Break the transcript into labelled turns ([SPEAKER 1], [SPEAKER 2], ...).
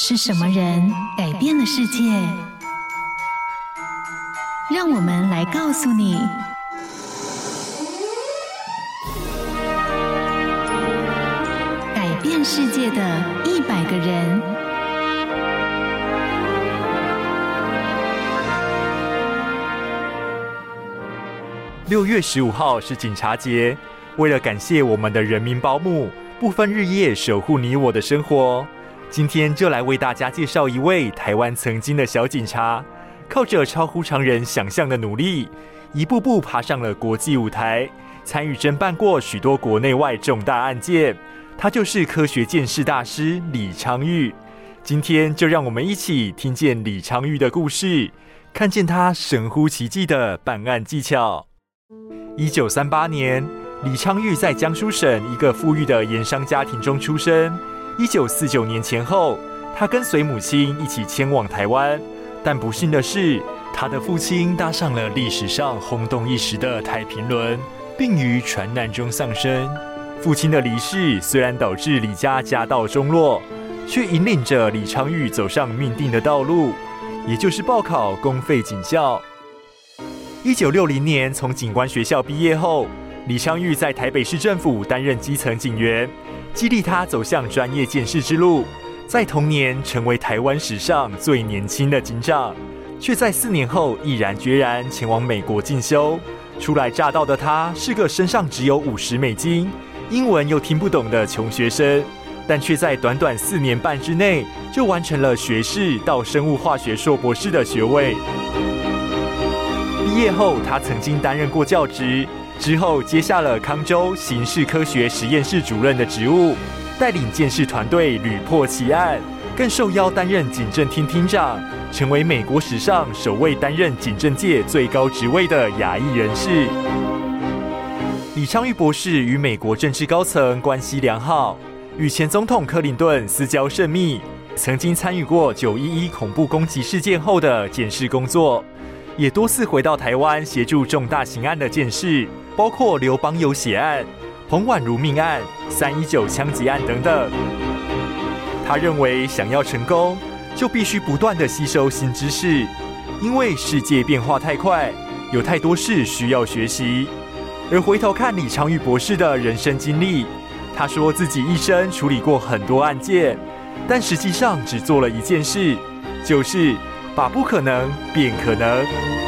[SPEAKER 1] 是什麼人改變了世界？讓我們來告訴你：改變世界的一百個人。六月十五號是警察節，為了感謝我們的人民保姆，不分日夜守護你我的生活。今天就來為大家介紹一位台灣曾經的小警察，靠着超乎常人想象的努力，一步步爬上了國際舞台，參與偵辦過許多國內外重大案件。他就是科學鑑識大師李昌鈺。今天就讓我們一起聽見李昌鈺的故事，看見他神乎其技的辦案技巧。一九三八年，李昌鈺在江蘇省一個富裕的鹽商家庭中出生。一九四九年前後，他跟隨母親一起遷往台灣，但不幸的是，他的父親搭上了歷史上轟動一時的太平輪，並於船難中喪生。父親的離世雖然導致李家家道中落，卻引領着李昌鈺走上命定的道路，也就是報考公費警校。一九六零年從警官學校畢業後，李昌鈺在台北市政府擔任基層警員。激勵他走向專業鑑識之路，在同年成為台灣史上最年輕的警長，卻在四年後毅然決然前往美國進修。初來乍到的他是個身上只有五十美金、英文又聽不懂的窮學生，但卻在短短四年半之內就完成了學士到生物化學碩博士的學位。畢業後，他曾經擔任過教職。之後接下了康州刑事科學實驗室主任的職務，帶領鑑識團隊屢破奇案，更受邀擔任警政廳廳長，成為美國史上首位擔任警政界最高職位的亞裔人士。李昌鈺博士與美國政治高層關係良好，與前總統克林頓私交甚密，曾經參與過九一一恐怖攻擊事件後的鑑識工作，也多次回到台灣協助重大刑案的鑑識。包括劉邦友血案、彭婉如命案、三一九槍擊案等等。他認為，想要成功，就必須不斷地吸收新知識，因為世界變化太快，有太多事需要學習。而回頭看李昌鈺博士的人生經歷，他說自己一生處理過很多案件，但實際上只做了一件事，就是把不可能變可能。